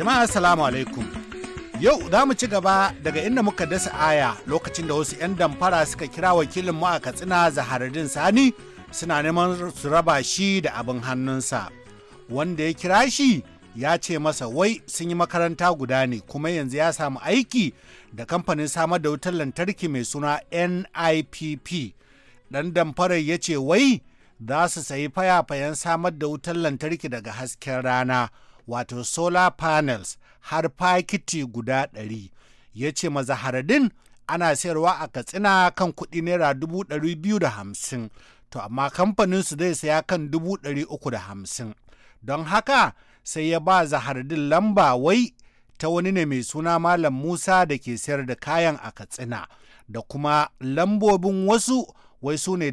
Jama'a salamu alaikum. Yau za mu ci gaba daga inda muka dasa aya lokacin da wasu 'yan damfara suka kira wakilin mu a Katsina zaharadin Sani suna neman su raba shi da abin hannunsa. Wanda ya kira shi ya ce masa wai sun yi makaranta guda ne kuma yanzu ya samu aiki da kamfanin samar da wutar lantarki mai suna NIPP. Dan damfarar ya ce wai za su sayi faya fayafayen samar da wutar lantarki daga hasken rana. wato solar panels har fakiti guda ɗari ya ce mazaharadin ana sayarwa a katsina kan kuɗi naira dubu ɗari biyu da hamsin to amma kamfanin su zai saya kan dubu ɗari uku da hamsin don haka sai ya ba zahardin lamba wai ta wani ne mai suna malam musa da ke sayar da kayan a katsina da kuma lambobin wasu wai su ne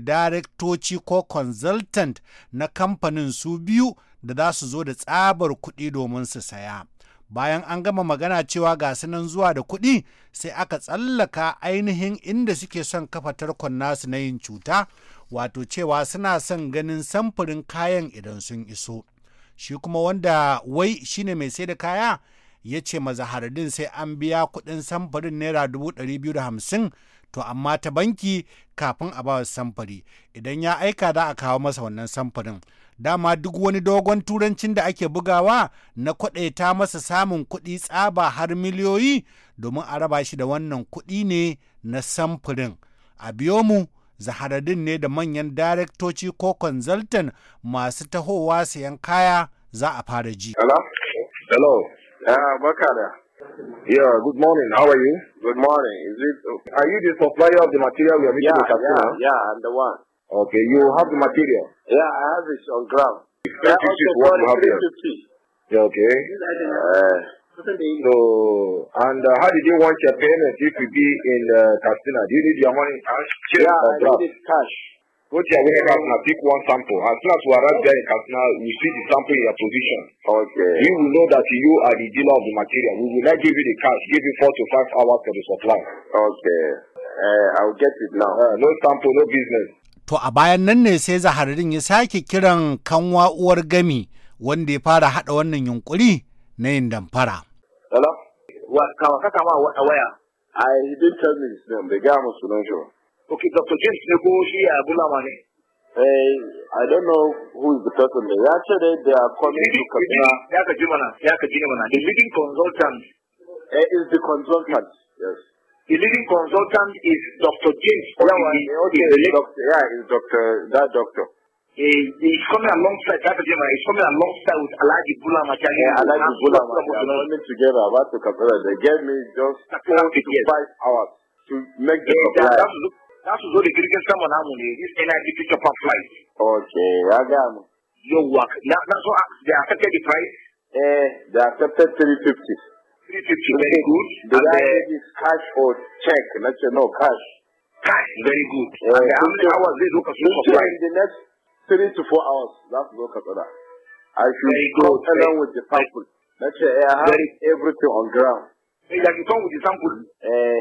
ko consultant na kamfanin su biyu da za su zo da tsabar kuɗi domin su saya. Bayan an gama magana cewa ga nan zuwa da kuɗi sai aka tsallaka ainihin inda suke son kafa tarkon nasu na yin cuta, wato cewa suna son ganin samfurin kayan idan sun iso. Shi kuma wanda wai shine mai sai da kaya ya ce mazahardin sai an biya kuɗin samfurin naira dubu ɗari biyu da hamsin to amma ta banki kafin a bawa samfari idan ya aika za a kawo masa wannan samfurin dama duk wani dogon turancin da ake bugawa na kwaɗaita masa samun kuɗi tsaba har miliyoyi domin a raba shi da wannan kuɗi ne na samfurin a biyo mu zahararrun ne da manyan daraktoci ko consultant masu tahowa sayan kaya za a fara ji. Ah, Yeah, good morning. How are you? Good morning. Is it, are you the supplier of the material we are making yeah, in Katsina? Yeah, yeah, I'm the one. Okay, you have the material? Yeah, I have it on ground. Yeah, is what you have here. Yeah, okay. Uh, so, and uh, how did you want your payment if you be in uh, Do you need your money in cash? Yeah, I need it cash. Go to your warehouse and pick one sample. As soon as we arrive there in Katsina, we see the sample in your position. Okay. We will know that you are the dealer of the material. We will not give you the cash, give you four to five hours for the supply. Okay. Uh, I'll get it now. Uh, no sample, no business. To a bayan nan ne sai zaharirin ya sake kiran kanwa uwar gami wanda ya fara haɗa wannan yunkuri na yin damfara. Hello? Kawaka kama waya. I didn't tell me his name. Bai gaya musu nan shi Okay, Dr. James Neko, she Abulamane. Uh, eh, hey, I don't know who is the person there. Actually, they are coming to Kaduna. Yaka Jimana, Yaka Jimana, the leading consultant. Uh, eh, is the consultant, yes. The leading consultant is Dr. James oh, Olawa. Yeah, okay, is doctor, yeah, is Dr. that doctor. He he's coming alongside Yaka Jimana, he's coming alongside with Alaji Bulama. Yeah, eh, Alaji Bulama, they are coming together about to Kaduna. They gave me just four to five hours to make the yeah, za su zo da jirgin sama namu ne this energy pick up flight okay ya ga mu yawwa na so they accepted the price eh they accepted 350 350 very good the guy is cash or check not you know cash cash very good uh, and eh, how many hours they look at in the next three to four hours za su zo ka tsada I should go tell along with the sample. Na ce, I have everything on ground. Hey, like you come with the sample? Eh.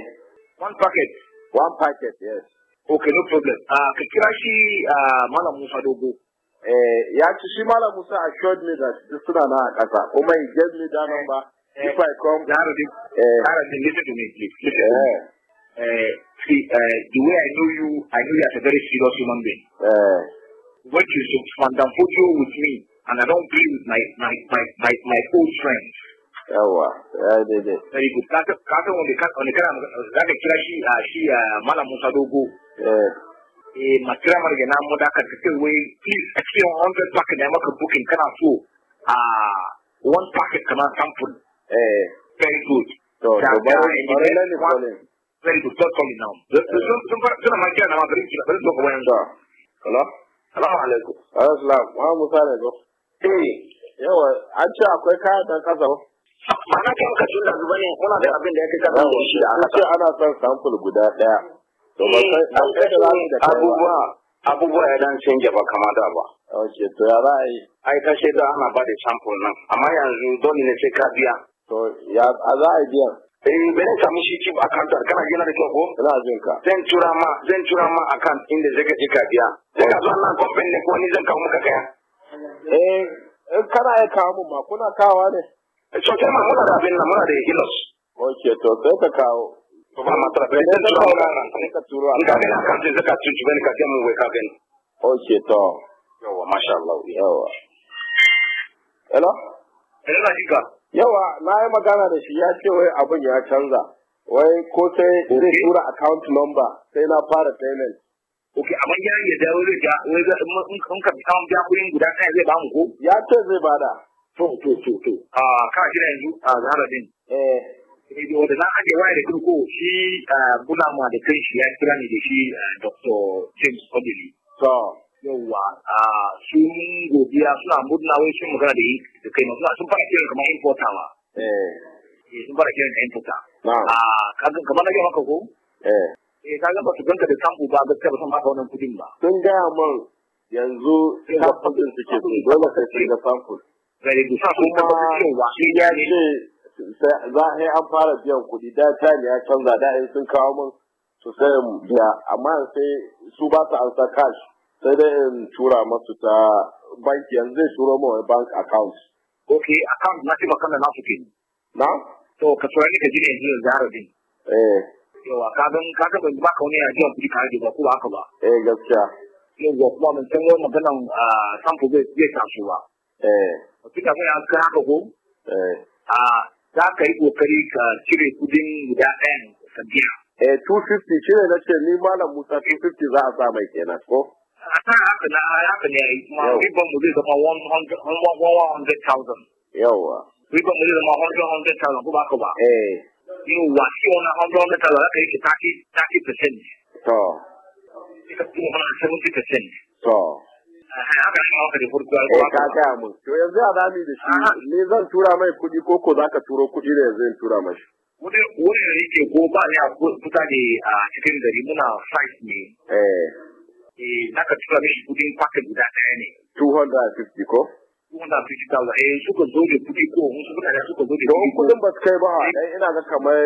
One packet. One packet, yes. Okay, no problem. Uh, ka uh, Malam Musa Dogo. Eh, ya ci shi Musa assured me that duk suna na a ƙasa. Kuma he gave me that number. Eh, eh if I come... Yaradin, eh, Yaradin, listen to me, please. Listen to me. Uh, see, uh, the way I know you, I know you as a very serious human being. Uh, what you so fandanfojo with me, and I don't play with my, my, my, my, my old friends. yawa ya daidai very good ka ka wanda ka wanda kana za ka kira shi a shi a malam Musa Dogo eh eh makira marge na mu da ka kace wai please a cikin hundred pack da maka booking kana so a one packet kamar sample eh very good to to very good stop calling now sun sun sun ma kira na ma bari kira bari to ko wayan hello assalamu alaikum assalamu wa go eh yawa an akwai kaya dan kasa ba mana kai ka tun da zuba ne muna da abin da ya kai kasa ko shi da Allah ce ana son sample guda daya to ba sai eh, an kai da zamu da abubuwa abubuwa ya dan canja ba kama da ba ok to ya za a yi ai ta shaida ana ba da sample nan amma yanzu dole ne sai ka biya to ya a za a biya Eh, bane samu shi chief accountant kana gina da kyau ko? Ina jin ka. Zan tura ma, zan tura ma account inda zaka je ka biya. Zan ka zo nan company ne ko ni zan kawo maka kaya. Eh, kana ya kawo mun ma kuna kawa ne? so sai ma muna da abin nan muna da hilos ok to sai ka kawo to ba ma tara president to ka ka turo an ga ne kan sai ka ne bane ka gemu wai ka gani ok to yawa masha Allah yawa hello hello na yawa na yi magana da shi ya ce wai abin ya canza wai ko sai zai tura account number sai na fara payment Ok, abin ya dawo da wai in ka biya kuɗin guda ɗaya zai bamu ko? Ya ce zai bada. to to to to a ka kira yanzu a zaharabin eh. eh da na ake waye da turko shi bulama da kai shi ya kira ni da shi dr james odili to yawa sun godiya suna murna wai sun magana da yi da kai sun fara kiran kamar ma eh. eh sun fara kiran da a kamar na ko eh eh kaga ba su ganka da sampo ba gaskiya ba san ba wannan kudin ba sun gaya man yanzu Ina din suke dole sai ga gare kuma shi ya ce za an fara biyan kuɗi da ta ne ya canza da in sun kawo min su sai biya amma sai su ba su ansa cash sai dai in tura masu ta banki yanzu zai turo min wani bank account. ok account na ce makana na su ke na? to ka tura ni ka ji ne yanzu yanzu harabin. eh. yawa ka gan ban ba ka wani ajiyar kuɗi ka rage ba ko haka ba. eh gaskiya. yau kuma mun san wani maganan ah, sample zai taso ba. eh. suka mai an ka haka ko eh. a za ka yi kokari ka cire kudin guda ɗayan ka biya. Eh, 250 shi na ce ni malam Musa 250 za a sa mai kenan ko? A kan haka na haka ne kuma ribar mu zai zama 100,000. Yawwa. Ribar mu zai zama 100,000 ko ba ka ba? Eh. Yawwa shi wani 100,000 za ka yi ki 30%. To. Ita kuma 70%. To. haka Eh ka gaya mun. To yanzu a zami da shi ne zan tura mai kuɗi ko ko zaka turo kuɗi da yanzu in tura mashi. Wani wani da yake ko ba ne a kusa ne a cikin gari muna site ne. Eh. Eh zaka tura mishi kuɗin paket guda ɗaya ne. Two hundred and fifty ko? Two hundred and fifty thousand. Eh suka zo da kuɗi ko wasu mutane suka zo da kuɗi. Don kuɗin ba su kai ba. Eh. Eh, ina ga kamar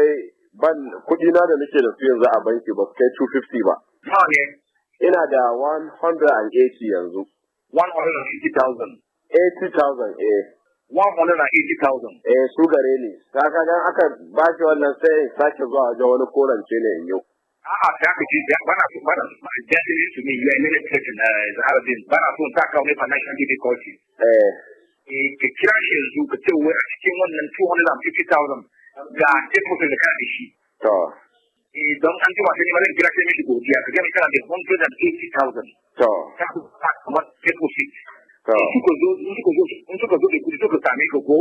ban kuɗi na da nake da su yanzu a banki ba su kai two fifty ba. Ina da one hundred and eighty yanzu. 180,000. Eh. eh su gare ne. Ka ka aka ba shi wannan sai sake zuwa wajen wani korance ne in yau. A'a ta ka ce bana so bana definitely to me you are not taking the zaharabin, eh, bana so ta kawo ne fana financial kawai. Eh. Eh ka kira shi yanzu ka ce wai a cikin wannan 250,000 ga deposit da kana da shi. To. Eh don an ji wasanni ma zan kira shi ne shi godiya ka gani kana da 180,000. To. Ta kuma take profit suka zo suka zo in ka zo da kudi suka same ka ko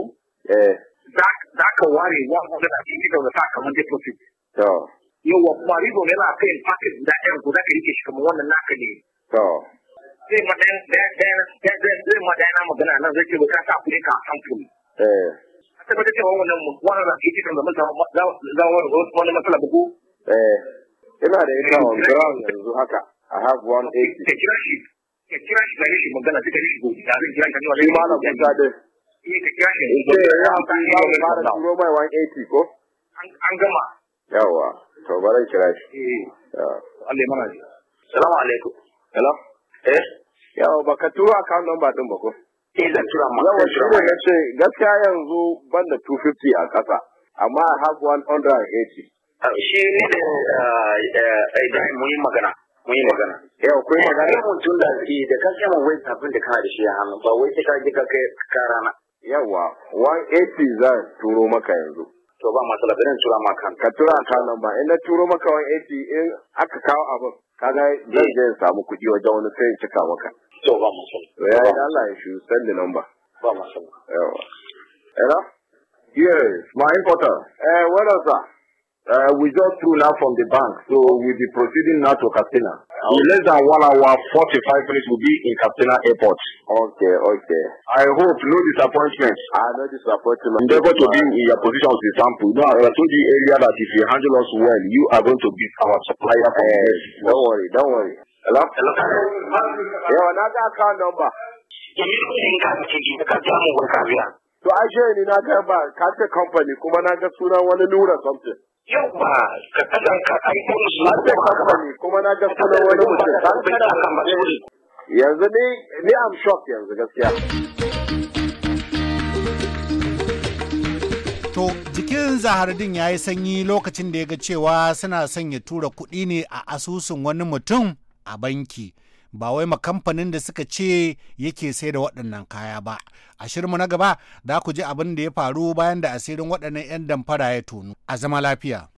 eh. za ka ware 150 daga sa kamar deposit wa kuma ribo ne na kai paket da ɗan za ka rike shi kamar wannan naka ne zai ma ɗaya na magana na zai ce ba ka sa kuɗi ka eh. samfuri a tabbatar cewa wannan wannan da ke cikin zaman zawar wani matsala ba eh. ina da ita on ground yanzu haka a have one eighty ka kira shi gare shi magana duka shi gobe da kira shi ne wallahi malam kun gade eh ka kira shi gobe eh, ya amfani da fara turo mai 180 ko an gama yawa to bari kira shi eh Allah mana ji assalamu alaikum hello eh yawa ba turo account number din ba ko eh, yawa shi ne nace gaskiya yanzu ban da 250 a kasa amma i have 180 ah, shi ne da eh, Ibrahim magana mun yi magana yau kun magana mun tun da da ka kama wai tafin da kana da shi a hannu ba wai sai ka je ka kai karana yawa 180 za turo maka yanzu to ba matsala da tura ma kan ka tura ka nan ba in na turo maka 180 in aka kawo abin Ka kaga zan je in samu kuɗi wajen wani sai in cika maka to ba matsala ya yi Allah ya shi send number ba matsala yawa hello yes my importer eh what else Uh, we just threw now from the bank, so we'll be proceeding now to Katsina. Okay. Uh, in less than one hour, 45 minutes will be in Katsina Airport. Okay, okay. I hope no disappointment. I ah, no disappointment. Endeavor to be in your position as example. sample. No, I told you earlier that if you handle us well, you are going to be our supplier. Uh, don't worry, don't worry. Hello? Hello? Yeah, another account number. So To Aisha in Inaka Bank, Kata Company, Kumanaka Sura, one Nura something. yawwa ka kasan ka aiko shi da ne, kuma na gaskana wani mutum ka kada kan masuri yanzu ne, ni am shock yanzu gaskiya To jikin Zahardin ya yi sanyi lokacin da ya ga cewa suna son ya tura kuɗi ne a asusun wani mutum a banki. ba wai ma kamfanin da suka ce yake sai da waɗannan kaya ba a shirmu na gaba za ku ji abin da ya faru bayan da asirin waɗannan 'yan damfara ya tonu a zama lafiya.